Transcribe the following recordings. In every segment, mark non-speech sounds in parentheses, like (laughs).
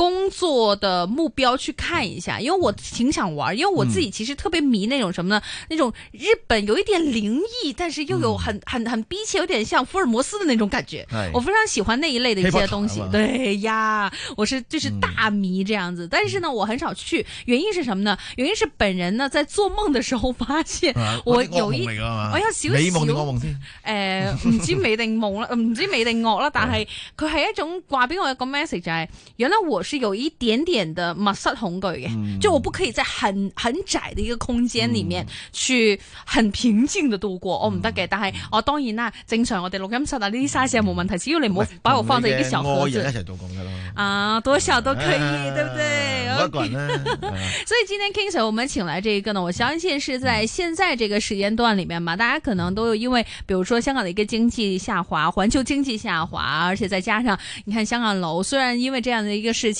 工作的目標去看一下，因為我挺想玩，因為我自己其實特別迷那種什麼呢？那種日本有一點靈異，但是又有很很很逼切，有點像福爾摩斯的那種感覺。我非常喜歡那一類的一些東西。對呀，我是就是大迷這樣子。但是呢，我很少去，原因是什麼呢？原因是本人呢在做夢的時候發現我有一我有少少。你夢定惡夢先？誒，唔知美定夢啦，唔知美定惡啦。但係佢係一種掛邊，畀我一個 message 原來我是有一點點的 must 嘅，嗯、就我不可以在很很窄的一個空間裡面去很平靜的度過，OK 嘅。嗯、但係是我、啊、當然啦，正常我哋錄音室啊呢啲 size 冇問題，嗯、只要你唔好擺個方字嘅時候，可一齊做講嘅啦。啊，多少都可以，啊、對唔對？Okay. (laughs) 所以今天 King Sir，我們請來這一個呢，我相信是在現在這個時間段裡面嘛，大家可能都有因為比如說香港的一個經濟下滑，環球經濟下滑，而且再加上，你看香港樓，雖然因為這樣的，一個事情。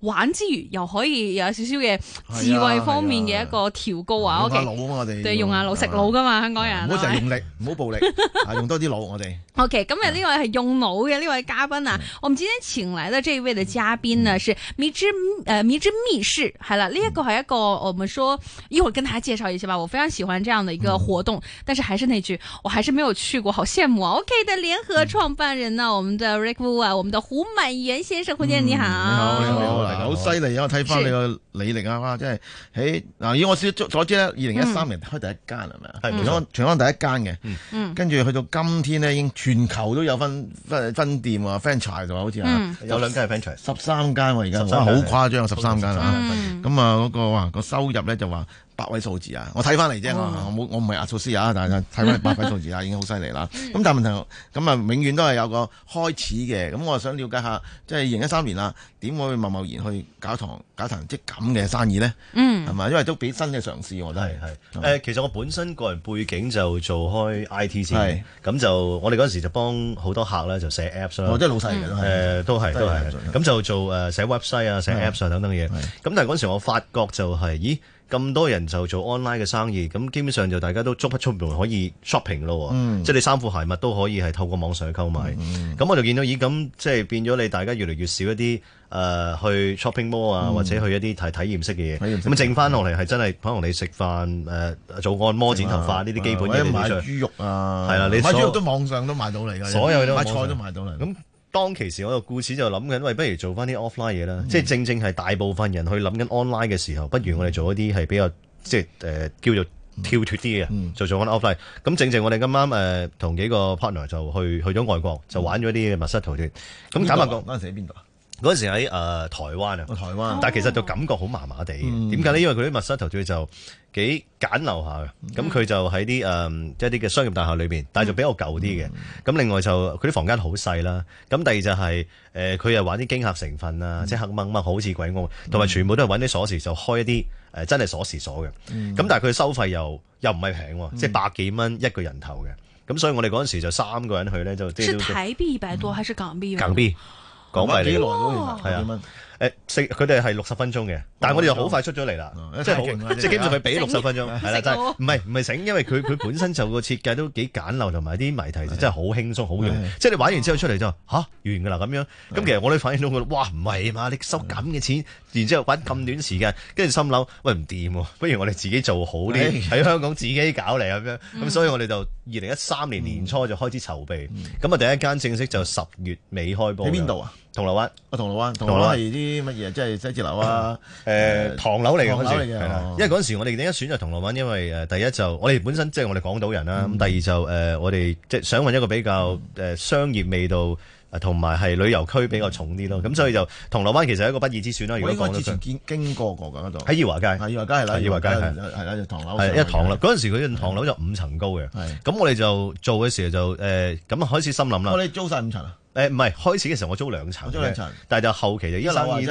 玩之餘又可以有少少嘅智慧方面嘅一個調高啊！用下腦啊，我哋對用下腦食腦噶嘛，香港人唔好成日用力，唔好暴力，啊，用多啲腦我哋。OK，咁啊呢位係用腦嘅呢位嘉賓啊，我們今天請嚟嘅這位的嘉賓呢，是迷之誒迷之密室。係啦，呢一個，呢一個，我們說，一會跟大家介紹一下吧。我非常喜歡這樣的一個活動，但是還是那句，我還是沒有去過，好羨慕啊。OK 的聯合創辦人呢，我們的 Rick Woo 啊，我們的胡滿源先生，胡先生你你好。好犀利啊！我睇翻你個履歷啊嘛，即係喺嗱以我所知咧，二零一三年開第一間係咪啊？係全港全港第一間嘅，跟住去到今天咧，已經全球都有分分分店啊，franchise 喎，好似啊，有兩間係 franchise 十三間，喎，而家，好誇張，十三間啊。咁啊嗰個話個收入咧就話。八位數字啊！我睇翻嚟啫，我冇我唔係亞數師啊，但係睇翻八位數字啊，已經好犀利啦。咁但係問題，咁啊永遠都係有個開始嘅。咁我想了解下，即係二零一三年啦，點會貿貿然去搞堂搞堂即咁嘅生意咧？嗯，係嘛？因為都俾新嘅嘗試，我都係係誒。其實我本身個人背景就做開 I T 先，咁就我哋嗰時就幫好多客咧就寫 Apps 啦，即係老細嘅都係都係咁就做誒寫 website 啊，寫 Apps 啊等等嘅嘢。咁但係嗰時我發覺就係，咦？咁多人就做 online 嘅生意，咁基本上就大家都足不出門可以 shopping 咯，即係你衫褲鞋襪都可以係透過網上去購買。咁我就見到，咦？咁即係變咗你大家越嚟越少一啲誒去 shopping mall 啊，或者去一啲睇體驗式嘅嘢。咁剩翻落嚟係真係可能你食飯、誒做按摩、剪頭髮呢啲基本嘢。買豬肉啊，係啦，你買豬肉都網上都買到嚟嘅，買菜都買到嚟。當其時我個故事就諗緊，喂，不如做翻啲 offline 嘢啦。嗯、即係正正係大部分人去諗緊 online 嘅時候，不如我哋做一啲係比較即係誒、呃、叫做跳脱啲嘅，嗯、就做做 o offline。咁、嗯、正正我哋咁啱誒同幾個 partner 就去去咗外國，就玩咗啲密室逃脱。咁坦白講，嗰時喺邊度啊？嗰陣時喺誒台灣啊，台灣，但係其實就感覺好麻麻地嘅。點解咧？因為佢啲密室投資就幾簡陋下嘅。咁佢就喺啲誒即係啲嘅商業大廈裏邊，但係就比較舊啲嘅。咁另外就佢啲房間好細啦。咁第二就係誒佢又玩啲驚嚇成分啊，即係黑掹掹好似鬼屋，同埋全部都係揾啲鎖匙就開一啲誒真係鎖匙鎖嘅。咁但係佢收費又又唔係平喎，即係百幾蚊一個人頭嘅。咁所以我哋嗰陣時就三個人去咧，就即係台幣一百多，還是港幣？港幣。講埋呢，係啊，誒，佢哋係六十分鐘嘅，但係我哋又好快出咗嚟啦，即係，即係基本上係俾六十分鐘，係啦，真係，唔係唔係醒，因為佢佢本身就個設計都幾簡陋，同埋啲謎題就真係好輕鬆，好用。即係你玩完之後出嚟就吓完噶啦咁樣，咁其實我哋反映到佢哇，唔係嘛，你收咁嘅錢。然之後揾咁短時間，跟住心諗，喂唔掂喎，不如我哋自己做好啲，喺香港自己搞嚟咁樣。咁所以我哋就二零一三年年初就開始籌備。咁啊第一間正式就十月尾開播。喺邊度啊？銅鑼灣。啊銅鑼灣，銅鑼灣係啲乜嘢？即係寫字樓啊？誒，唐樓嚟嘅。係啦，因為嗰陣時我哋點解選擇銅鑼灣？因為誒第一就我哋本身即係我哋港島人啦。咁第二就誒我哋即係想揾一個比較誒商業味道，同埋係旅遊區比較重啲咯，咁所以就銅鑼灣其實係一個不二之選啦。我呢個之前見經過過喺度，喺耀華街，係耀華街係啦，耀華街係係啦，就唐樓係一唐啦。嗰陣的時佢棟唐樓就五層高嘅，咁的我哋就做嘅時候就誒咁、呃、開始心諗啦。我哋租晒五層啊！誒，唔係開始嘅時候我租兩層，但係就後期就啲生意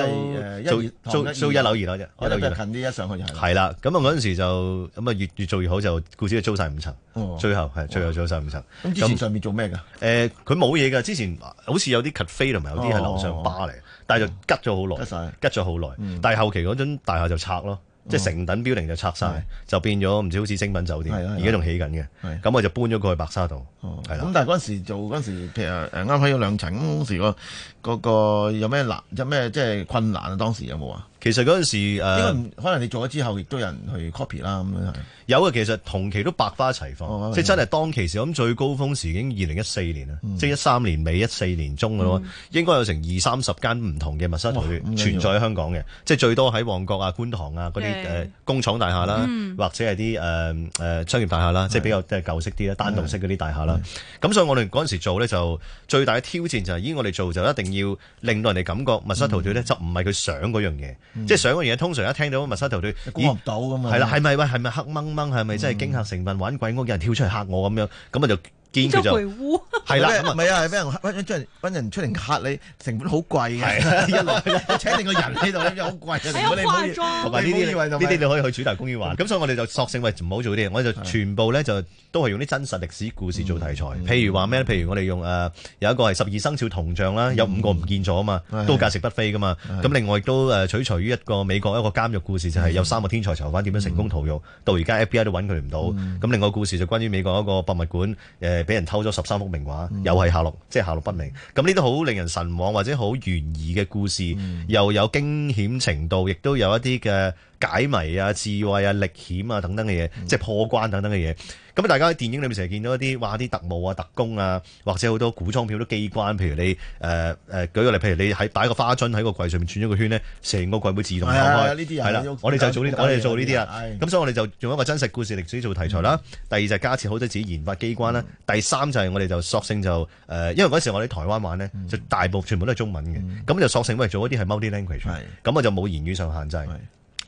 都租做做一樓二樓啫，我近啲一上去又係。係啦，咁啊嗰陣時就咁啊越越做越好，就故此就租晒五層，最後係最後租晒五層。咁之前上面做咩噶？誒，佢冇嘢噶，之前好似有啲 cafe 同埋有啲係樓上巴嚟，但係就吉咗好耐，吉咗好耐。但係後期嗰陣大廈就拆咯。即係成等標齡就拆晒。哦、就變咗唔知好似精品酒店，而家仲起緊嘅。咁的我就搬咗過去白沙道，係啦、哦。咁是的 但係嗰陣時做嗰陣時，譬如誒啱開咗兩層。咁嗰陣時個個有咩難，有咩即係困難啊？當時有冇啊？其實嗰陣時，誒，因為可能你做咗之後，亦都有人去 copy 啦，咁樣有嘅。其實同期都百花齊放，即係真係當其時咁最高峰時已經二零一四年啦，即係一三年尾一四年中嘅咯。應該有成二三十間唔同嘅密室逃脫存在香港嘅，即係最多喺旺角啊、觀塘啊嗰啲誒工廠大廈啦，或者係啲誒誒商業大廈啦，即係比較即係舊式啲啦、單棟式嗰啲大廈啦。咁所以我哋嗰陣時做咧就最大嘅挑戰就係，依我哋做就一定要令到人哋感覺密室逃脫咧就唔係佢想嗰樣嘢。即係上嗰樣嘢，通常一聽到密室逃脫，估唔到咁樣！係、欸、啦，係咪喂？係咪黑掹掹？係咪即係驚嚇成分？玩鬼屋有人跳出嚟嚇我咁樣？咁啊就～建築鬼屋，係啦，唔係啊，係俾人搵人出嚟嚇你，成本好貴嘅，一來請定個人喺度已經好貴，唔同埋呢啲，呢啲你可以去主題公園玩。咁所以，我哋就索性喂，唔好做啲嘢，我哋就全部咧就都係用啲真實歷史故事做題材。譬如話咩？譬如我哋用誒有一個係十二生肖銅像啦，有五個唔見咗啊嘛，都價值不菲噶嘛。咁另外亦都誒取材於一個美國一個監獄故事，就係有三個天才囚犯點樣成功逃獄，到而家 FBI 都揾佢哋唔到。咁另外個故事就關於美國一個博物館誒。誒，俾人偷咗十三幅名畫，又係下落，即係下落不明。咁呢啲好令人神往或者好懸疑嘅故事，又有驚險程度，亦都有一啲嘅解謎啊、智慧啊、歷險啊等等嘅嘢，即係破關等等嘅嘢。咁大家喺電影裏面成日見到一啲哇，啲特務啊、特工啊，或者好多古裝片好多機關。譬如你誒誒、呃，舉個例，譬如你喺擺個花樽喺個櫃上面轉咗個圈咧，成個櫃會自動打開。呢啲係啦，我哋就做呢，我哋做呢啲啊。咁所以我哋就用一個真實故事歷史做題材啦。嗯、第二就係加設好多自己研發機關啦。嗯、第三就係我哋就索性就誒、呃，因為嗰時我哋喺台灣玩咧，嗯、就大部分全部都係中文嘅，咁、嗯、就索性不如做一啲係 multi language 的。咁我就冇言語上限制。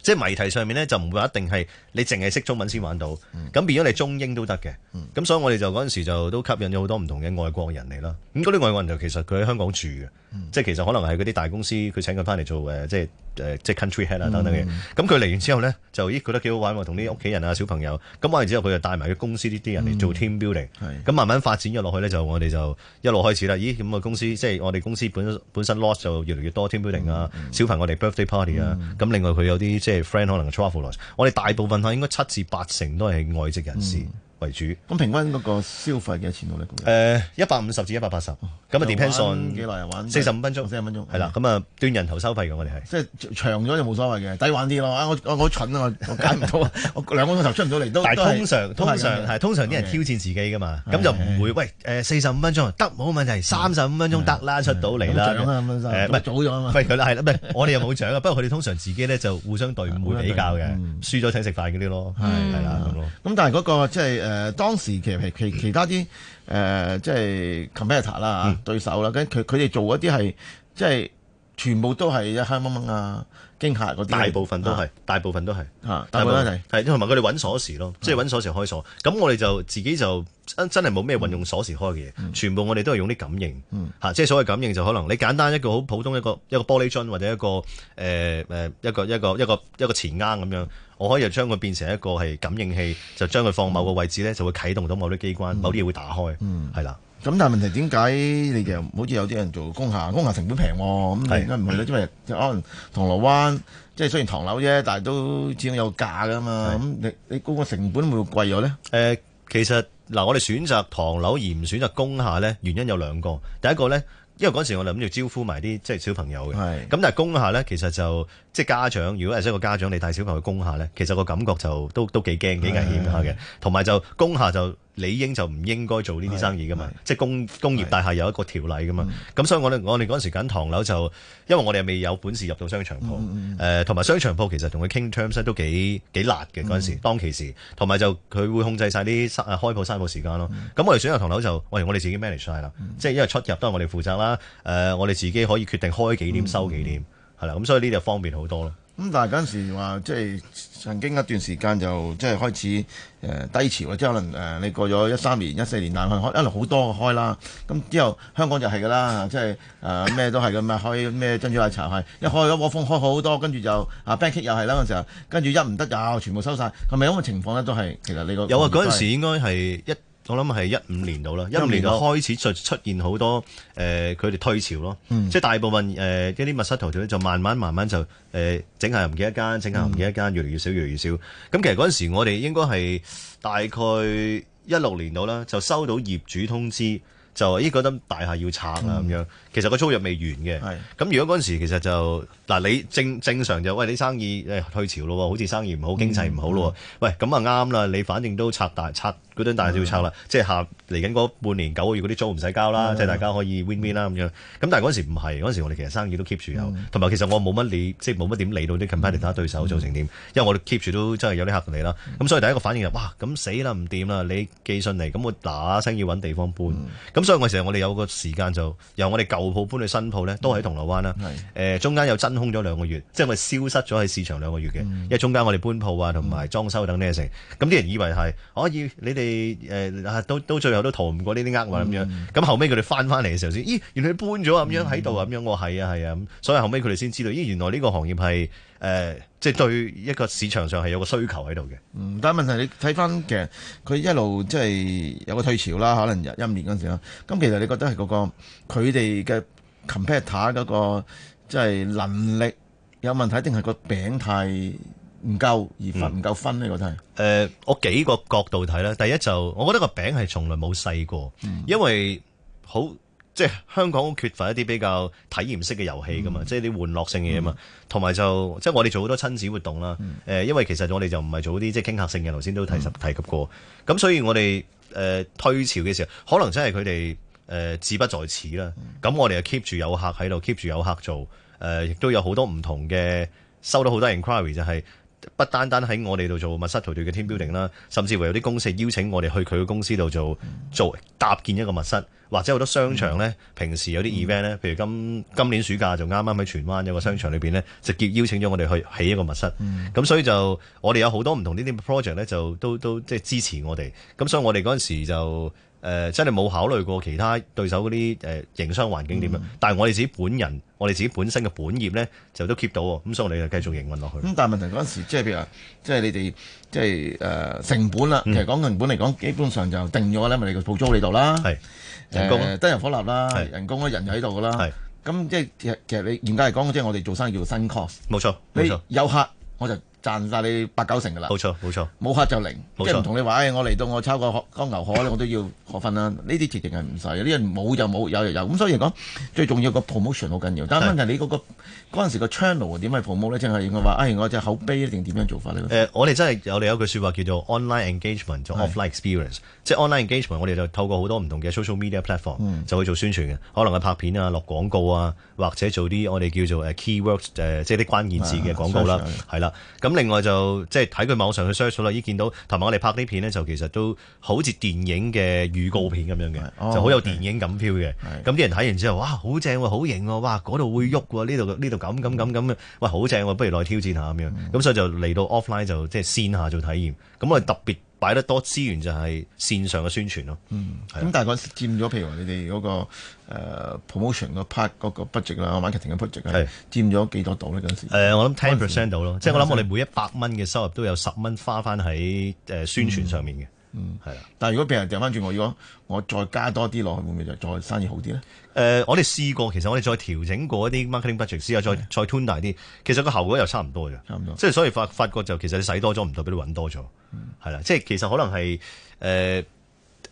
即係謎題上面咧，就唔會一定係你淨係識中文先玩到，咁變咗你中英都得嘅。咁所以我哋就嗰陣時就都吸引咗好多唔同嘅外國人嚟啦。咁嗰啲外國人就其實佢喺香港住嘅，即係其實可能係嗰啲大公司佢請佢返嚟做嘅。即係。誒，即係 country head 啊，等等嘅。咁佢嚟完之後呢，就咦，覺得幾好玩喎，同啲屋企人啊、小朋友。咁玩完之後，佢就帶埋佢公司呢啲人嚟做 team building、嗯。咁慢慢發展咗落去呢，就我哋就一路開始啦。咦，咁、個公司即係我哋公司本本身 loss 就越嚟越多 team building 啊、嗯，小朋友嚟 birthday party 啊、嗯。咁另外佢有啲即係 friend 可能 travel loss。我哋大部分嚇應該七至八成都係外籍人士。嗯為主，咁平均嗰個消費幾多錢到咧？誒，一百五十至一百八十，咁啊，depends on 幾耐人玩。四十五分鐘，四十五分鐘，係啦，咁啊，斷人頭收費嘅，我哋係。即係長咗就冇所謂嘅，抵玩啲咯。我我我好蠢啊，我解唔到啊，我兩個鐘頭出唔到嚟都。但係通常，通常係通常啲人挑戰自己嘅嘛，咁就唔會喂誒四十五分鐘得冇問題，三十五分鐘得啦，出到嚟啦。誒，唔係早咗啊嘛。費佢啦，係啦，唔係我哋又冇獎啊。不過佢哋通常自己咧就互相對唔會比較嘅，輸咗請食飯嗰啲咯，係係啦咁但係嗰個即係誒當時其實係其其他啲誒即係 competitor 啦，嚇對手啦，跟佢佢哋做嗰啲係即係全部都係一黑掹掹啊驚嚇嗰啲，大部分都係，大部分都係，大部分都係，係同埋佢哋揾鎖匙咯，即係揾鎖匙開鎖。咁我哋就自己就真真係冇咩運用鎖匙開嘅嘢，全部我哋都係用啲感應嚇。即係所謂感應就可能你簡單一個好普通一個一個玻璃樽或者一個誒誒一個一個一個一個鈦鈪咁樣。我可以又將佢變成一個係感應器，就將佢放某個位置咧，就會啟動到某啲機關，嗯、某啲嘢會打開，係啦、嗯。咁的但係問題點解你其實好似有啲人做工廈，工廈成本平喎、啊，咁點解唔係咧？因為可能銅鑼灣即係雖然唐樓啫，但係都始終有價噶嘛。咁的你你嗰個成本會貴咗咧？誒、呃，其實嗱、呃，我哋選擇唐樓而唔選擇工廈咧，原因有兩個。第一個咧。因為嗰時候我哋諗住招呼埋啲即係小朋友嘅，咁是但係工廈呢，其實就即係家長，如果係一係個家長你帶小朋友去工廈呢，其實個感覺就都都幾驚幾危險下嘅，同埋是就工廈就。理應就唔應該做呢啲生意噶嘛，即係工工業大廈有一個條例噶嘛，咁所以我哋，我哋嗰陣時揀唐樓就，因為我哋未有本事入到商場鋪，誒同埋商場鋪其實同佢傾 terms 都幾幾辣嘅嗰陣時，當其時，同埋就佢會控制晒啲開鋪、收鋪時間咯，咁我哋選擇唐樓就，我哋我哋自己 manage 晒啦，即係因為出入都係我哋負責啦，誒我哋自己可以決定開幾點收幾點，係啦，咁所以呢度方便好多咯。咁但係嗰陣時話，即係曾經一段時間就即係開始誒、呃、低潮即係可能誒、呃、你過咗一三年、一四年難開，一路好多開啦。咁之後香港就係㗎喇，即係誒咩都係噉，咩開咩珍珠奶茶係一開咗，窩蜂開好多，跟住就啊班戟又係啦，嗰時候，跟住一唔得又全部收晒。係咪咁嘅情況呢？都係其實你個有啊，嗰陣時應該係一。一我諗係一五年到啦，一五年就開始就出現好多誒，佢、呃、哋退潮咯，嗯、即係大部分誒一啲密室頭條咧，就慢慢慢慢就誒、呃、整下唔見一間，整下唔見一間，越嚟越少，越嚟越少。咁其實嗰陣時，我哋應該係大概一六年到啦，就收到業主通知。就依嗰棟大廈要拆啊咁樣，嗯、其實個租約未完嘅。咁是如果嗰陣時其實就嗱你正正常就喂你生意退潮咯，好似生意唔好，經濟唔好咯。嗯、喂咁啊啱啦，你反正都拆大拆嗰堆、那個、大廈要拆啦，嗯、即係下嚟緊嗰半年九個月嗰啲租唔使交啦，即係、嗯、大家可以 win win 啦咁樣。咁但係嗰陣時唔係，嗰陣時我哋其實生意都 keep 住有，同埋、嗯、其實我冇乜理、就是、理，即係冇乜點理到啲 competitor 對手、嗯、做成點，因為我哋 keep 住都真係有啲客嚟啦。咁、嗯、所以第一個反應就是：「哇，咁死啦唔掂啦，你寄信嚟咁我打聲要揾地方搬。嗯嗯咁所以我成日我哋有個時間就由我哋舊鋪搬去新鋪咧，都喺銅鑼灣啦。誒、嗯呃、中間又真空咗兩個月，即係咪消失咗喺市場兩個月嘅，嗯、因為中間我哋搬鋪啊，同埋裝修等啲嘢成。咁啲人以為係可、哦、以，你哋誒、呃、都都最後都逃唔過呢啲厄運咁樣。咁後尾佢哋翻翻嚟嘅時候先，咦？原來搬咗、嗯、啊！咁樣喺度啊！咁樣我係啊係啊咁。所以後尾佢哋先知道，咦？原來呢個行業係。誒，即係、呃就是、對一個市場上係有個需求喺度嘅。嗯，但係問題你睇返其實佢一路即係有個退潮啦，可能一五年嗰陣時啦。咁其實你覺得係嗰、那個佢哋嘅 competitor 嗰、那個即係、就是、能力有問題，定係個餅太唔夠而分唔、嗯、夠分呢？覺得係？誒，我幾個角度睇啦。第一就，我覺得個餅係從來冇細過，嗯、因為好。即係香港缺乏一啲比較體驗式嘅遊戲㗎嘛，嗯、即係啲玩樂性嘅嘢啊嘛。嗯、同埋就即係我哋做好多親子活動啦。誒、嗯，因為其實我哋就唔係做啲即係傾客性嘅，頭先都提提及過。咁、嗯嗯、所以我哋誒、呃、推潮嘅時候，可能真係佢哋誒志不在此啦。咁、嗯、我哋又 keep 住有客喺度，keep 住有客做。誒，亦都有好多唔同嘅，收到好多 inquiry 就係、是、不單單喺我哋度做密室逃脫嘅 team building 啦，甚至乎有啲公司邀請我哋去佢嘅公司度做做搭建，建，建，建一個密室。或者好多商場咧，平時有啲 event 咧，譬如今今年暑假就啱啱喺荃灣有個商場裏邊咧，直接邀請咗我哋去起一個密室，咁、嗯、所以就我哋有好多唔同呢啲 project 咧，就都都即係支持我哋，咁所以我哋嗰陣時就。誒、呃、真係冇考慮過其他對手嗰啲誒營商環境點樣，嗯、但係我哋自己本人，我哋自己本身嘅本業咧就都 keep 到喎，咁所以我哋就繼續營運落去、嗯。咁但係問題嗰陣時，即係譬如話，即係你哋即係誒成本啦，其實講成本嚟講，基本上就定咗咧，咪、就是、你個鋪租喺度啦，係、嗯呃、人工燈、啊呃、是油火蠟啦，人工咧人又喺度㗎啦，係咁是是即係其實其實你嚴格嚟講，即係我哋做生意叫做新 cost，冇、嗯、錯，冇沒錯，有客我就。賺晒你八九成㗎啦，冇錯冇錯，冇客就零，即係唔同你話，我嚟到我抄個江牛河，我都要學分啦。呢啲決定係唔使，呢樣冇就冇，有就有。咁所以嚟講，最重要個 promotion 好緊要。但係問題你嗰個嗰陣時個 channel 點去 promote 咧？即係我話，啊，我隻口碑一定點樣做法咧？誒，我哋真係有哋有句説話叫做 online engagement 叫 offline experience，即係 online engagement，我哋就透過好多唔同嘅 social media platform 就去做宣傳嘅，可能係拍片啊、落廣告啊，或者做啲我哋叫做誒 keywords 即係啲關鍵字嘅廣告啦，係啦。咁另外就即係睇佢網上去 search 啦，已見到同埋我哋拍啲片呢，就其實都好似電影嘅預告片咁樣嘅，oh, okay. 就好有電影感 feel 嘅。咁啲 Okay. 人睇完之後，哇，好正，好型，哇，嗰度會喐喎，呢度呢度咁咁咁咁，這這 mm hmm. 哇，好正喎，不如落去挑戰下咁樣。咁、mm hmm. 所以就嚟到 offline 就即係、就是、線下做體驗。咁我哋特別。擺得多資源就係線上嘅宣傳咯。嗯，咁的但係佢佔咗，譬如話你哋嗰、那個、uh, promotion、那個 part 嗰的個 budget 啦，馬劇城嘅 budget 係佔咗幾多度咧？嗰陣時我諗 ten percent 度咯，即係我諗我哋每一百蚊嘅收入都有十蚊花翻喺誒宣傳上面嘅。嗯。嗯，係啊的，但係如果俾人掉翻轉我，如果我再加多啲落去會唔會就再生意好啲咧？誒、呃，我哋試過，其實我哋再調整過一啲 marketing budget，之後再的再 tune 大啲，其實個效果又差唔多嘅差唔多。多即係所以發發覺就其實你使多咗唔代表你揾多咗，係啦的，即係其實可能係誒。呃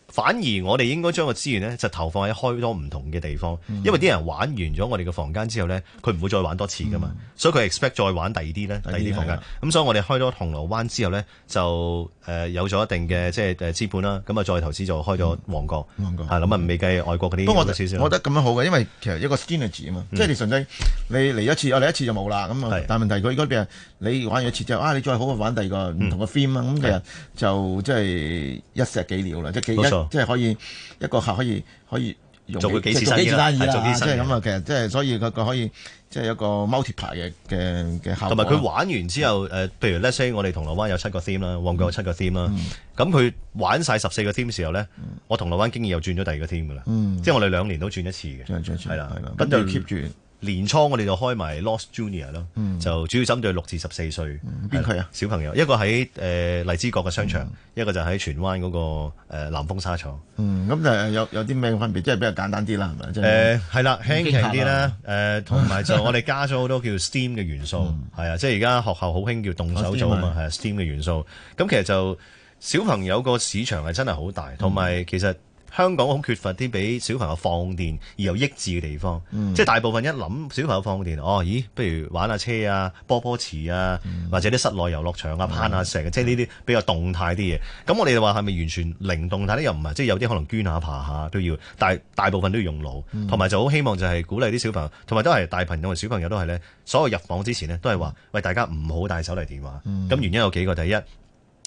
反而我哋應該將個資源呢，就投放喺開多唔同嘅地方，因為啲人玩完咗我哋嘅房間之後呢，佢唔會再玩多次噶嘛，所以佢 expect 再玩第二啲呢，第二啲房間。咁所以我哋開咗銅鑼灣之後呢，就誒有咗一定嘅即係資本啦，咁啊再投資就開咗旺角，旺角，係咁啊未計外國嗰啲。不過我覺得咁樣好嘅，因為其實一個 strategy 啊嘛，即係你純粹你嚟一次，我嚟一次就冇啦。咁啊，但係問題如果而家變，你玩一次之後啊，你再好嘅玩第二個唔同嘅 theme 啊，咁其實就即係一石幾鳥啦，即係即係可以一個客可以可以用佢幾次生意即係咁啊，其實即係所以佢佢可以即係一個 multiply 嘅嘅嘅客。同埋佢玩完之後，誒，譬如 let's say 我哋銅鑼灣有七個 team 啦，旺角有七個 team 啦，咁佢玩晒十四個 team 嘅時候咧，我銅鑼灣經已又轉咗第二個 team 噶啦，即係我哋兩年都轉一次嘅，係啦，係啦，不斷 keep 住。年初我哋就開埋 Lost Junior 咯，就主要針對六至十四歲邊區啊小朋友，一個喺誒荔枝角嘅商場，一個就喺荃灣嗰個南豐紗廠。嗯，咁就有有啲咩分別？即係比較簡單啲啦，係咪？誒係啦，輕巧啲啦。誒同埋就我哋加咗好多叫 STEAM 嘅元素，係啊，即係而家學校好興叫動手組啊嘛，係 STEAM 嘅元素。咁其實就小朋友個市場係真係好大，同埋其實。香港好缺乏啲俾小朋友放電而又益智嘅地方，嗯、即係大部分一諗小朋友放電，哦，咦，不如玩下車啊、波波池啊，嗯、或者啲室內遊樂場啊、攀下石嘅，嗯、即係呢啲比較動態啲嘢。咁我哋就話係咪完全零動態呢？又唔係，即係有啲可能捐下、爬下都要，但係大部分都要用腦，同埋、嗯、就好希望就係鼓勵啲小朋友，同埋都係大朋友同小朋友都係呢。所有入房之前呢，都係話：喂，大家唔好帶手提電話。咁、嗯、原因有幾個，第一。一一一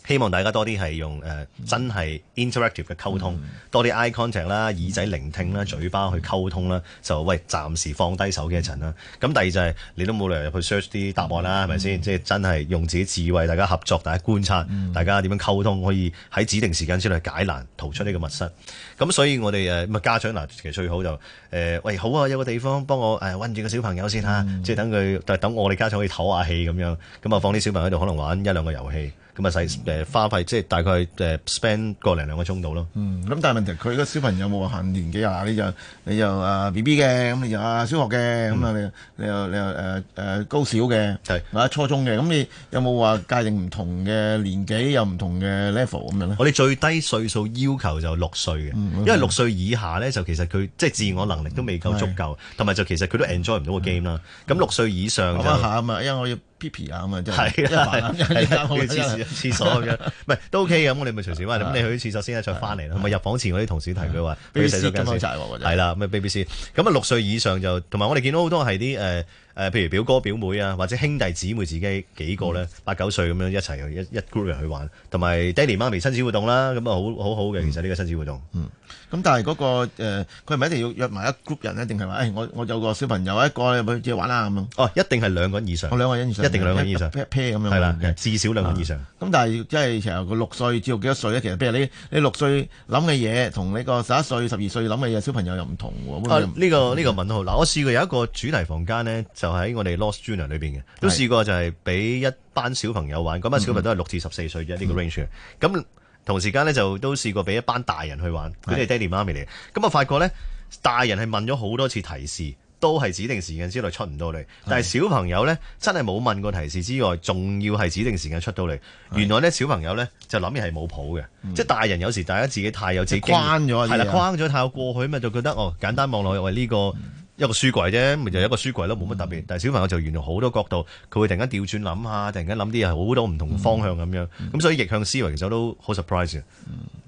希望大家多啲係用誒、呃、真係 interactive 嘅溝通，嗯、多啲 eye contact 啦、耳仔聆聽啦、嘴巴去溝通啦，嗯、就喂，暫時放低手機一陣啦。咁、嗯、第二就係、是、你都冇理由入去 search 啲答案啦，係咪先？即係、就是、真係用自己智慧，大家合作，大家觀察，嗯、大家點樣溝通，可以喺指定時間之內解難逃出呢個密室。咁所以我哋誒咪家長嗱，其實最好就誒、是呃、喂好啊，有個地方幫我誒韞、啊、住個小朋友先啊，即係、嗯、等佢，等我哋家長可以唞下氣咁樣，咁啊放啲小朋友喺度可能玩一兩個遊戲。咁啊，使誒花費即係大概誒 spend 個零兩個鐘度咯。嗯，咁但係問題佢個小朋友冇話限年紀啊，你就你就啊 BB 嘅，咁、呃、你就啊、呃、小學嘅，咁啊、嗯、你就你又你又誒誒高小嘅，係啊對初中嘅，咁你有冇話界定唔同嘅年紀有唔同嘅 level 咁樣咧？我哋最低歲數要求就六歲嘅，因為六歲以下咧就其實佢即係自我能力都未夠足夠，同埋就其實佢都 enjoy 唔到個 game 啦。咁、嗯、六歲以上下啊嘛，因為我要。Pipi 啊咁啊，即係係啊，去廁所廁所咁樣，唔係都 OK 嘅咁，我哋咪隨時翻咁，你去啲廁所先啦，再翻嚟啦。咪入房前，啲同事提佢話，俾啲洗潔精先。係啦，Baby？咁啊，六歲以上就同埋我哋見到好多係啲誒。誒，譬如表哥表妹啊，或者兄弟姊妹自己幾個咧，八九歲咁樣一齊去，一一 group 人去玩，同埋爹哋媽咪親子活動啦，咁啊好好好嘅，其實呢個親子活動。嗯，咁但係嗰個誒，佢係咪一定要約埋一 group 人咧？定係話誒，我我有個小朋友一個入去玩啦咁啊？哦，一定係兩個人以上。我兩個人以上。一定兩個人以上。pair pair 咁樣。係啦，至少兩個人以上。咁但係即係成日佢六歲至到幾多歲咧？其實譬如你你六歲諗嘅嘢，同你個十一歲、十二歲諗嘅嘢，小朋友又唔同喎。呢個呢個問號嗱，我試過有一個主題房間咧，就。喺我哋 Lost Junior 裏邊嘅，都試過就係俾一班小朋友玩，嗰班小朋友都係六至十四歲啫，呢個 range。咁同時間咧就都試過俾一班大人去玩，佢哋爹哋媽咪嚟。咁啊發覺咧，大人係問咗好多次提示，都係指定時間之內出唔到嚟。但係小朋友咧，真係冇問過提示之外，仲要係指定時間出到嚟。原來咧，小朋友咧就諗嘢係冇譜嘅，即係大人有時大家自己太有自己框咗，係啦，框咗太有過去，咪就覺得哦，簡單望落去，喂呢個。一個書櫃啫，咪就一個書櫃咯，冇乜特別。嗯、但係小朋友就原來好多角度，佢會突然間調轉諗下，突然間諗啲嘢，好多唔同嘅方向咁樣。咁、嗯、所以逆向思維其實都好 surprise 嘅。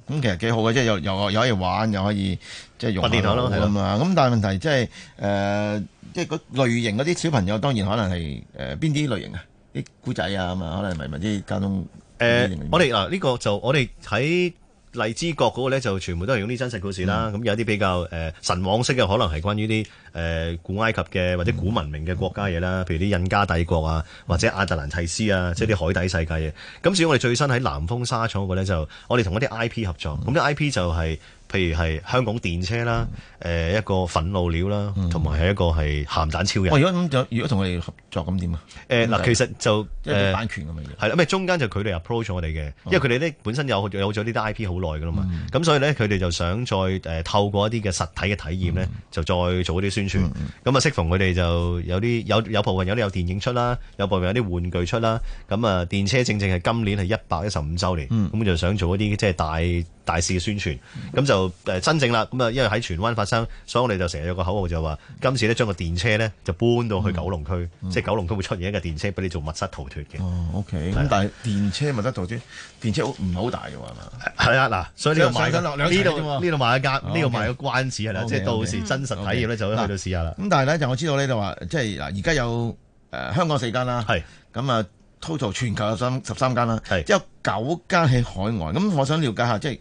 咁其實幾好嘅，即係又又可以玩，又可以即係用。電腦咯，係咁對了 但係問題即係誒，即係個類型嗰啲小朋友當然可能係誒邊啲類型啊？啲古仔啊咁啊，可能係咪咪啲交通。誒、呃，我哋嗱呢個就我哋喺。荔枝角嗰個咧就全部都係用啲真實故事啦，咁、嗯、有啲比較誒、呃、神往式嘅，可能係關於啲誒、呃、古埃及嘅或者古文明嘅國家嘢啦，譬如啲印加帝國啊，或者亞特蘭蒂斯啊，即係啲海底世界嘅。咁至於我哋最新喺南豐紗廠嗰個咧就，我哋同一啲 I P 合作，咁啲 I P 就係、是。譬如係香港電車啦，誒一個憤怒鳥啦，同埋係一個係鹹蛋超人。如果咁如果同我哋合作咁點啊？誒嗱，其實就誒版權咁嘅嘢係啦，因為中間就佢哋 approach 我哋嘅，因為佢哋咧本身有有咗呢啲 IP 好耐噶啦嘛，咁所以咧佢哋就想再誒透過一啲嘅實體嘅體驗咧，就再做一啲宣傳。咁啊，適逢佢哋就有啲有有部分有啲有電影出啦，有部分有啲玩具出啦，咁啊電車正正係今年係一百一十五週年，咁就想做一啲即係大。大肆嘅宣傳，咁就誒、呃、真正啦。咁啊，因為喺荃灣發生，所以我哋就成日有個口號就話，今次咧將個電車咧就搬到去九龍區，嗯、即係九龍都會出現一個電車俾你做密室逃脫嘅。OK。咁但係電車密室逃脫，電車唔好大嘅喎，係嘛？係啊，嗱、啊，所以呢個買緊兩兩千啫，呢度買一間，呢度買個關子係啦，即係、okay, okay 到時真實體驗咧就可以去到試下啦。咁、嗯嗯、但係咧就我知道呢度話，即係嗱，而家有誒香港四間啦，係咁啊。的 total 全球十三十三間啦，是即係九間喺海外。咁我想了解下，即係誒、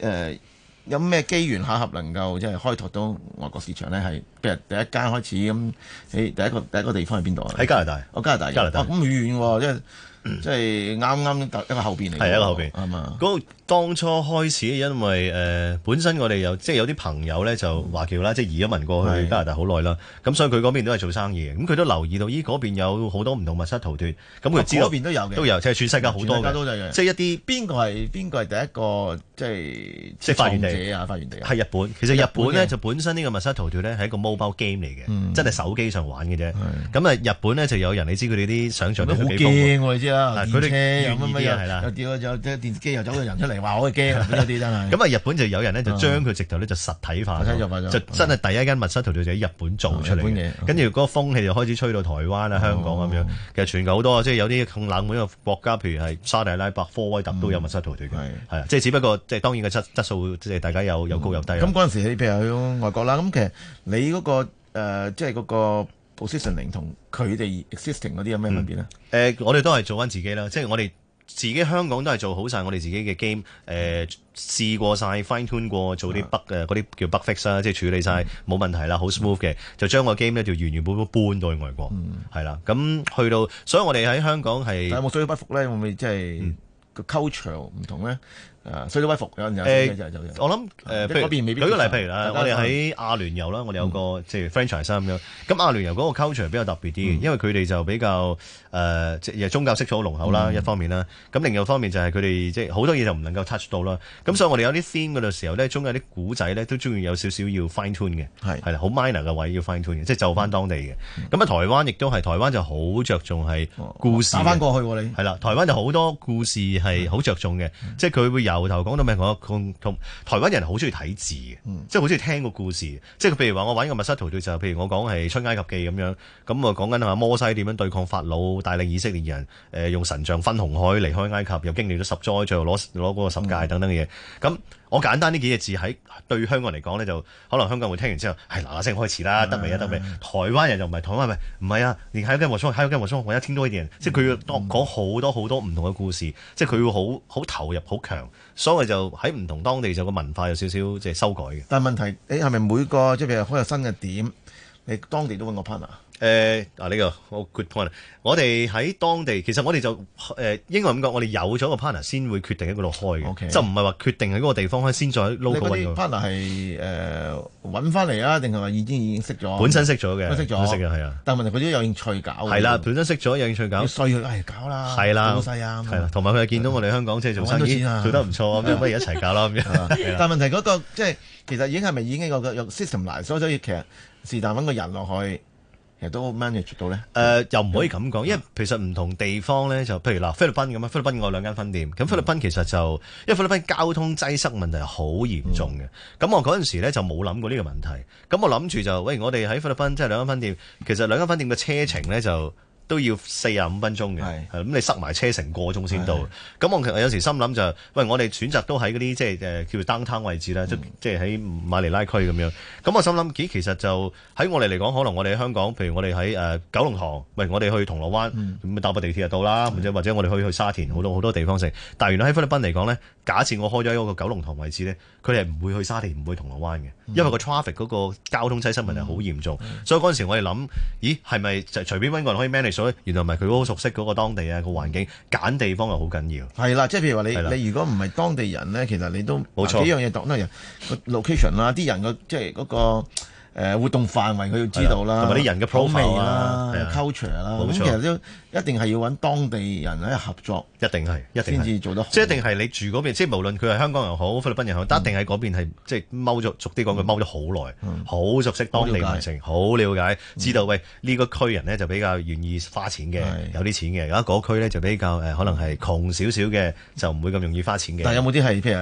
呃、有咩機緣巧合能夠即係開拓到外國市場咧？係譬如第一間開始咁喺，嗯、第一個第一個地方係邊度啊？喺加拿大，喺加拿大，加拿大咁遠喎，因即係啱啱一個後邊嚟，係一個後邊啊嘛。嗰當初開始，因為誒本身我哋有即係有啲朋友咧就華僑啦，即係移咗民過去加拿大好耐啦。咁所以佢嗰邊都係做生意嘅。咁佢都留意到，咦嗰邊有好多唔同密室逃脫。咁佢知嗰邊都有嘅，都有，即係全世界好多嘅。即係一啲邊個係邊個係第一個，即係即係發源地啊？發源地啊？係日本。其實日本咧就本身呢個密室逃脫咧係一個 mobile game 嚟嘅，真係手機上玩嘅啫。咁啊日本咧就有人，你知佢哋啲想像都好幾嗱，佢哋咩咩係啦，又跌啊，又電視機又走咗人出嚟，哇！我驚嗰啲真係。咁啊，日本就有人咧就將佢直頭咧就實體化，啊、就真係第一間密室逃脫就喺日本做出嚟。跟住嗰風氣就開始吹到台灣啦、香港咁樣。啊、其實全球好多，嗯、即係有啲更冷門嘅國家，譬如係沙特、拉、伯、科威特都有密室逃脫嘅。係、嗯、即係只不過即係當然嘅質質素，即係大家有有高有低、嗯。咁嗰陣時，你譬如去外國啦，咁其實你嗰個即係嗰個。呃同佢哋 existing 嗰啲有咩分別咧？誒、嗯呃，我哋都係做翻自己啦，即、就、係、是、我哋自己香港都係做好晒我哋自己嘅 game。誒、呃，試過晒 fine tune 過，做啲 bug 啲叫 bug fix 啦，即係處理晒，冇問題啦，好 smooth 嘅，就將個 game 咧就原原本本搬到去外國，係、嗯、啦。咁去到，所以我哋喺香港係有冇水土不服咧？會唔會即係個 culture 唔同咧？啊，所以都威服有我諗誒，比如舉個例，譬如啦，我哋喺阿聯酋啦，我哋有個即係 franchise 咁樣。咁阿聯酋嗰個 culture 比較特別啲，因為佢哋就比較誒，即係宗教色彩好濃厚啦，一方面啦。咁另一方面就係佢哋即係好多嘢就唔能夠 touch 到啦。咁所以我哋有啲 scene 嘅時候咧，中有啲古仔咧，都中意有少少要 fine tune 嘅，係係好 minor 嘅位要 fine tune 嘅，即係就翻當地嘅。咁啊，台灣亦都係台灣就好着重係故事。打翻過去你係啦，台灣就好多故事係好着重嘅，即係佢會有。由頭講到尾，我同台灣人好中意睇字嘅，嗯、即係好中意聽個故事。即係譬如話，我玩個密室逃脫就譬如我講係出埃及記咁樣，咁啊講緊啊摩西點樣對抗法老，帶領以色列人誒用神杖分紅海，離開埃及，又經歷咗十災，最後攞攞嗰個十戒等等嘅嘢。咁我簡單呢幾隻字喺對香港人嚟講呢，就可能香港會聽完之後係嗱嗱聲開始啦，得未啊？得未？台灣人又唔係，台灣唔係唔係啊！你睇緊摩西，睇緊摩西，我一聽多啲人，即係佢要講好多好多唔同嘅故事，嗯、即係佢會好好投入，好強。所謂就喺唔同當地就個文化有少少即係修改嘅。但係問題，誒，係咪每個即係譬如開個新嘅點，你當地都揾個 partner？誒啊！呢個好 good point 我哋喺當地，其實我哋就誒英文咁講，我哋有咗個 partner 先會決定喺嗰度開嘅，就唔係話決定喺嗰個地方開先再 local。你嗰啲 partner 係誒揾翻嚟啊，定係話已經已經識咗？本身識咗嘅，識咗嘅但係問題佢都有興趣搞嘅。係啦，本身識咗有興趣搞，衰佢嚟搞啦。係啦，冇係啦，同埋佢又見到我哋香港即係做生意做得唔錯，咁不如一齊搞啦咁樣。但係問題嗰個即係其實已經係咪已經有個有 system 嚟，所以其實是但揾個人落去。其實都 manage 到咧。誒、呃，又唔可以咁講，因為其實唔同地方咧，就譬如嗱菲律賓咁啊，菲律賓我兩間分店，咁菲律賓其實就，嗯、因為菲律賓交通擠塞問題係好嚴重嘅。咁、嗯、我嗰陣時咧就冇諗過呢個問題。咁我諗住就，喂，我哋喺菲律賓即係、就是、兩間分店，其實兩間分店嘅車程咧就，都要四啊五分鐘嘅，咁你塞埋車成個鐘先到。咁的我有時心諗就，喂，我哋選擇都喺嗰啲即係誒叫做 downtown 位置啦，即係喺馬尼拉區咁樣。咁我心諗，咦，其實就喺我哋嚟講，可能我哋喺香港，譬如我哋喺誒九龍塘，喂、呃，我哋去銅鑼灣，嗯、搭個地鐵就到啦。或者或者我哋去去沙田好多好多地方食。但係原來喺菲律賓嚟講咧，假設我開咗一個九龍塘位置咧，佢哋唔會去沙田，唔會銅鑼灣嘅。因為個 traffic 嗰個交通擠塞問題係好嚴重，嗯、所以嗰陣時我哋諗，咦係咪就隨便揾個人可以 manage？所以原來唔係佢好熟悉嗰個當地啊個環境，揀地方係好緊要。係啦，即係譬如話你的你如果唔係當地人咧，其實你都冇錯呢樣嘢，當然人 location 啦，啲人嘅，即係嗰、嗰個。誒活動範圍佢要知道啦，同埋啲人嘅 profile 啦、culture 啦，咁其實都一定係要揾當地人咧合作，一定係，一定先至做得好，即係一定係你住嗰邊，即係無論佢係香港又好、菲律賓又好，但一定喺嗰邊係即係踎咗俗啲講佢踎咗好耐，好熟悉當地民情，好了解，知道喂呢個區人咧就比較願意花錢嘅，有啲錢嘅，而家嗰區咧就比較誒可能係窮少少嘅，就唔會咁容易花錢嘅。但有冇啲係譬如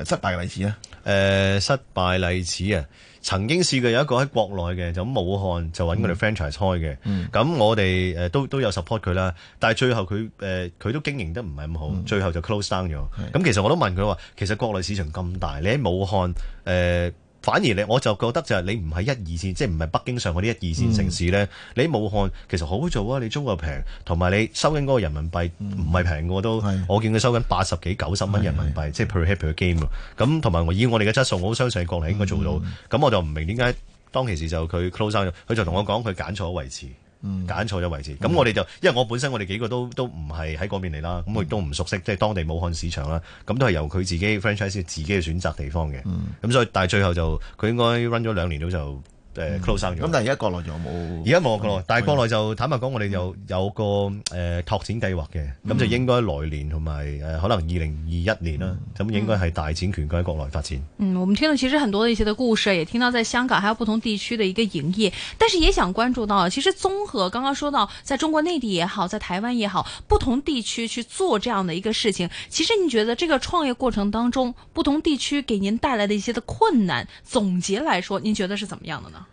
誒失敗例子咧？誒失敗例子啊！曾經試過有一個喺國內嘅，就咁武漢就揾佢哋 franchise 開嘅，咁、嗯、我哋誒都都有 support 佢啦。但係最後佢誒佢都經營得唔係咁好，嗯、最後就 close down 咗。咁是的 其實我都問佢話，其實國內市場咁大，你喺武漢誒？呃反而你我就覺得就係你唔係一二線，即係唔係北京上嗰啲一二線城市咧？嗯、你武漢其實好好做啊！你中又平，同埋你收緊嗰個人民幣唔係平我都，是我見佢收緊八十幾、九十蚊人民幣，即係 per happy game 喎。咁同埋以我哋嘅質素，我都相信你國內應該做到。咁、嗯、我就唔明點解當其時就佢 close 咗，佢就同我講佢揀錯位置。揀錯咗位置，咁、嗯、我哋就，因為我本身我哋幾個都都唔係喺嗰邊嚟啦，咁我亦都唔熟悉，嗯、即係當地武漢市場啦，咁都係由佢自己 franchise 自己嘅選擇地方嘅，咁、嗯、所以但係最後就佢應該 run 咗兩年到就。誒咁、嗯、但係而家國內有冇？而家冇國內，嗯、但係國內就、嗯、坦白講，我哋有有個誒、呃、拓展計劃嘅，咁、嗯、就應該來年同埋誒可能二零二一年啦，咁、嗯、應該係大展拳腳喺國內發展。嗯，我們聽到其實很多嘅一些的故事，也聽到在香港還有不同地區嘅一個營業，但是也想關注到，其實綜合剛剛說到，在中國內地也好，在台灣也好，不同地區去做這樣的一個事情，其實您覺得這個創業過程當中，不同地區給您帶來的一些的困難，總結來說，您覺得是怎麼樣的呢？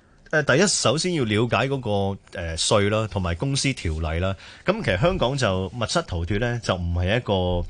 第一，首先要了解嗰個誒稅啦，同埋公司條例啦。咁其實香港就密室逃脫咧，就唔係一個誒，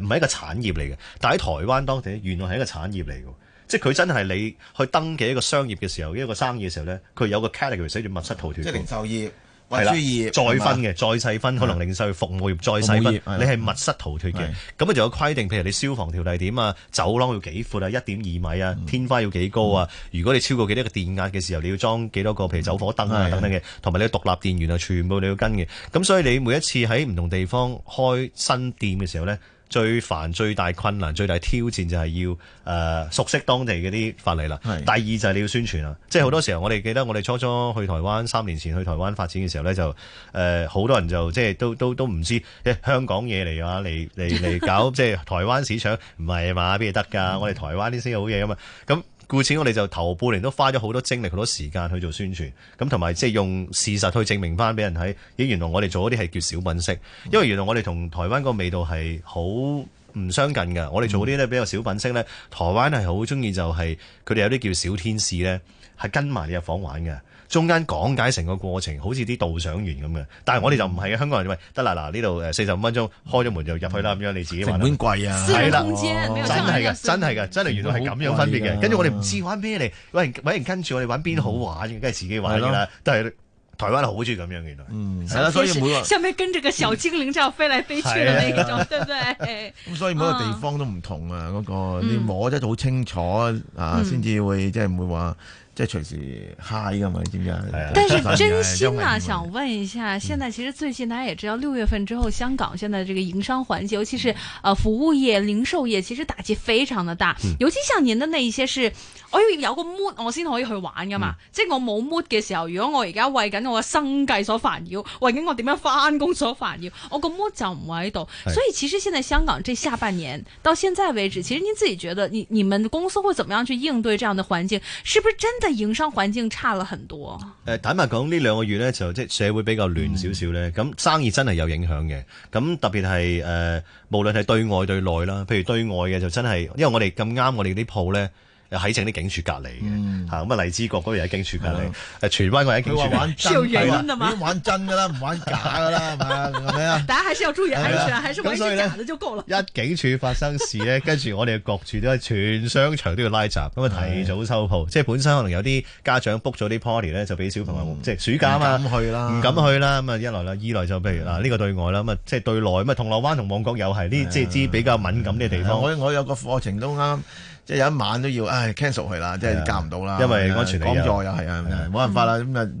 唔係一個產業嚟嘅。但喺台灣當地，原來係一個產業嚟嘅，即係佢真係你去登記一個商業嘅時候，一個生意嘅時候咧，佢有個 category 寫住密室逃脫。即係零售業。係再分嘅，再細分，可能零售、服務業，的再細分。你係密室逃脱嘅，咁啊仲有規定，譬如你消防條例點啊，走廊要幾闊啊，一點二米啊，天花要幾高啊？嗯、如果你超過幾多個電壓嘅時候，你要裝幾多個，譬如走火燈啊等等嘅，同埋的你獨立電源啊，全部你要跟嘅。咁所以你每一次喺唔同地方開新店嘅時候呢。最煩最大困難最大挑戰就係要誒、呃、熟悉當地嗰啲法例啦。是第二就係你要宣傳啊，即係好多時候我哋記得我哋初初去台灣三年前去台灣發展嘅時候呢，就誒、呃、好多人就即係都都都唔知香港嘢嚟啊嚟嚟嚟搞即係 (laughs) 台灣市場唔係啊嘛，邊度得㗎？嗯、我哋台灣啲先係好嘢啊嘛，咁。故此，我哋就頭半年都花咗好多精力、好多時間去做宣傳，咁同埋即係用事實去證明翻俾人睇，咦？原來我哋做嗰啲係叫小品式，因為原來我哋同台灣嗰個味道係好唔相近嘅。我哋做嗰啲咧比較小品式咧，台灣係好中意就係佢哋有啲叫小天使咧，係跟埋你入房玩嘅。中間講解成個過程，好似啲導賞員咁嘅，但係我哋就唔係啊！香港人點喂？得啦嗱，呢度誒，四十五分鐘開咗門就入去啦咁樣，你自己玩成本貴啊，係啦，真係噶，真係噶，真係原來係咁樣分別嘅。跟住我哋唔知玩咩嚟，搵人跟住我哋玩邊好玩嘅，梗係自己玩噶啦。都係台灣好中意咁樣，原來嗯，係啦，所以每個下面跟住個小精靈，這樣飛嚟飛去嘅那一種，對唔對？咁所以每個地方都唔同啊，嗰個你摸得好清楚啊，先至會即係唔會話。即係隨時嗨 i g h 噶點解？知知但是真心啊，問想問一下，嗯、現在其實最近大家也知道，六月份之後，香港現在這個營商環境，尤其是誒、呃、服務業、零售業，其實打擊非常的大。嗯、尤其像您的那一些是，是我要有個 m o o d 我先可以去玩噶嘛。嗯、即係我冇 m o o d 嘅時候，如果我而家為緊我嘅生計所煩擾，為緊我點樣翻工所煩擾，我個 m o o d 就唔喺度。嗯、所以其處先在香港即下半年，到現在為止，其實您自己覺得，你你們公司會點樣去應對這樣的環境？是不是真的？營商環境差了很多。誒，坦白講呢兩個月呢，就即係社會比較亂少少呢。咁、嗯、生意真係有影響嘅。咁特別係誒，無論係對外對內啦，譬如對外嘅就真係，因為我哋咁啱我哋啲鋪呢。又喺正啲警署隔離嘅，嚇咁啊！荔枝角嗰邊喺警署隔離，誒荃灣嗰邊喺警署。佢話玩真㗎係嘛？玩真㗎啦，唔玩假㗎啦，係啊！大家還是要注意安全，還是玩假的就夠了。一警署發生事咧，跟住我哋各處都係全商場都要拉閘，咁啊提早收鋪。即係本身可能有啲家長 book 咗啲 party 咧，就俾小朋友即係暑假啊，唔敢去啦，唔敢去啦。咁啊，一來啦，二來就譬如嗱，呢個對外啦，咁啊即係對內咁啊，銅鑼灣同旺角又係呢即係啲比較敏感嘅地方。我我有個課程都啱。即有一晚都要，唉 cancel 佢啦，即係教唔到啦。因為安全講座又係啊，冇辦法啦。咁啊誒，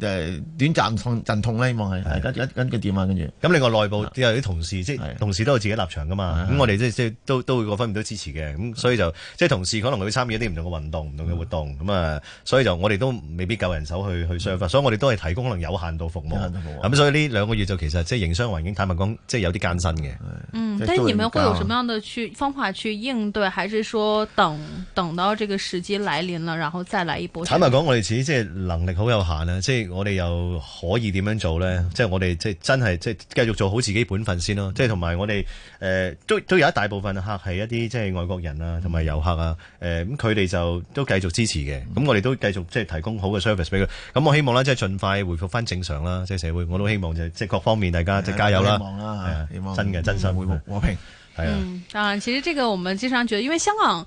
短暫痛陣痛咧，希望係。跟住點啊？跟住咁另外內部都有啲同事，即係同事都有自己立場噶嘛。咁我哋即係都都會個方面都支持嘅。咁所以就即係同事可能佢參與一啲唔同嘅運動、唔同嘅活動。咁啊，所以就我哋都未必夠人手去去雙發，所以我哋都係提供可能有限度服務。咁所以呢兩個月就其實即係營商環境坦白講，即係有啲艱辛嘅。嗯，但係你們會有什麼樣嘅去方法去應對，還是說等？等到這個時機來臨了，然後再來一波。坦白講，我哋自己即係能力好有限啦，即係我哋又可以點樣做咧？即係我哋即係真係即係繼續做好自己本分先咯。即係同埋我哋誒，都都有一大部分客係一啲即係外國人啊，同埋遊客啊，誒咁佢哋就都繼續支持嘅。咁我哋都繼續即係提供好嘅 service 俾佢。咁我希望咧，即係盡快回復翻正常啦，即係社會。我都希望就即係各方面大家即係加油啦！希望啦，係真嘅，真心恢復和平。係啊，啊，其實這個我們經常覺得，因為香港。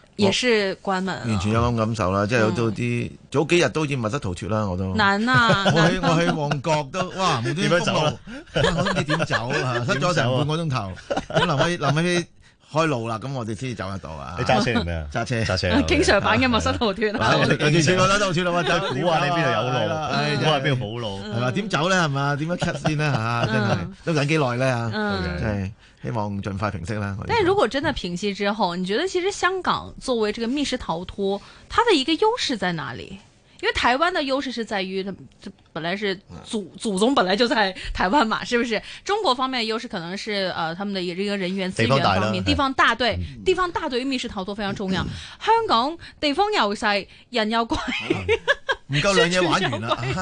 也是關門，完全有咁感受啦，即係有到啲、嗯、早幾日都已經密室逃脫啦，我都難啊！ (laughs) 我喺我喺旺角都哇，點、 (laughs) 啊啊、樣走、啊？我都唔知點走，失咗成半個鐘頭。咁林偉林偉。開路啦，咁我哋先至走得到啊！你揸車唔咩啊？揸車揸車，經常版嘅密室逃脱我哋跟住切我啦，到時我咪睇估下你邊度有路，估下邊度冇路，係嘛？點走咧？係嘛？點樣 cut 先咧？吓，真係都等幾耐咧啊！真係希望盡快平息啦。但如果真的平息之後，你覺得其實香港作為這個密室逃脱，它的一個優勢在哪裡？因為台灣的優勢是在於，佢本來是祖祖宗本來就在台灣嘛，是不是？中國方面嘅優勢可能是，呃，他們的人員資源方面，地方大對，地方大對，密室逃脫都非常重要。嗯、香港地方又細，人又貴，唔夠兩嘢玩完啦。你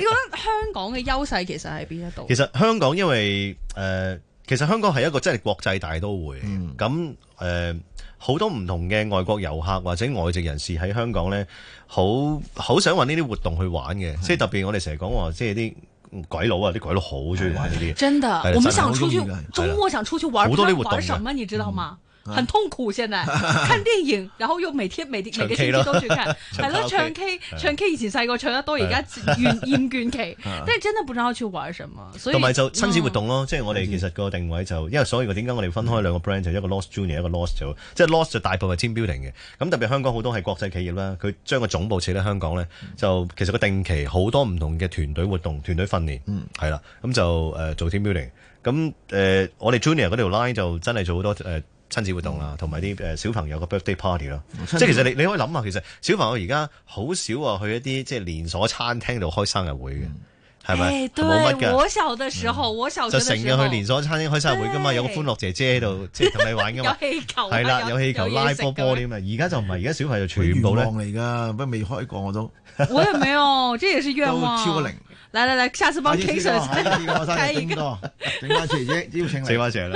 覺得香港嘅優勢其實喺邊一度？其實香港因為，誒、呃，其實香港係一個即係國際大都會，咁誒、嗯。好多唔同嘅外國遊客或者外籍人士喺香港咧，好好想搵呢啲活動去玩嘅，即係特別我哋成日講話，即係啲鬼佬啊，啲鬼佬好中意玩呢啲真嘅的？的我哋想出去，周末想出去玩，好了多啲活動。嗯，玩乜？你知道嗎？很痛苦先啦，看電影，然後又未貼未啲未嘅親子都去睇，係咯，唱 K，唱 K 以前細個唱得多，而家厭倦期，即係真的不知道去玩什麼，所以同埋就親子活動咯，即係我哋其實個定位就，因為所以點解我哋分開兩個 brand 就一個 Lost Junior，一個 Lost 就即係 Lost 就大部分係 team building 嘅，咁特別香港好多係國際企業啦，佢將個總部設喺香港咧，就其實個定期好多唔同嘅團隊活動、團隊訓練，嗯，係啦，咁就誒做 team building，咁誒我哋 Junior 嗰條 line 就真係做好多誒。親子活動啦，同埋啲誒小朋友嘅 birthday party 咯，即係其實你你可以諗下，其實小朋友而家好少話去一啲即係連鎖餐廳度開生日會嘅。嗯係咪冇，我小嘅時候，我小就成日去連鎖餐廳開生日會噶嘛，有個歡樂姐姐喺度，即係同你玩噶嘛。有氣球，係啦，有氣球拉波波點啊！而家就唔係，而家小朋友全部咧。願望嚟噶，不過未開過我都。我也沒有，這也是願望。超過零。來來來，下次幫 Kris 姐開，邀請四花姐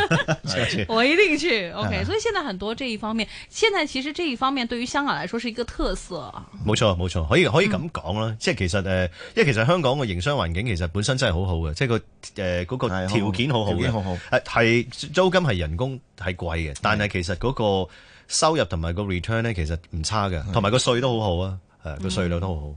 我一定去。OK，所以現在很多這一方面，現在其實這一方面對於香港來說是一個特色。冇錯冇錯，可以可以咁講啦，即係其實，誒，因為其實香港個營商環境。其實本身真係好，嗰個呃嗰個好好好嘅，即係個誒個條件好好嘅，係租金係人工係貴嘅，但係其實個收入同埋個 return 咧其實唔差嘅，同埋的個稅都好好啊，誒個稅率都好好。嗯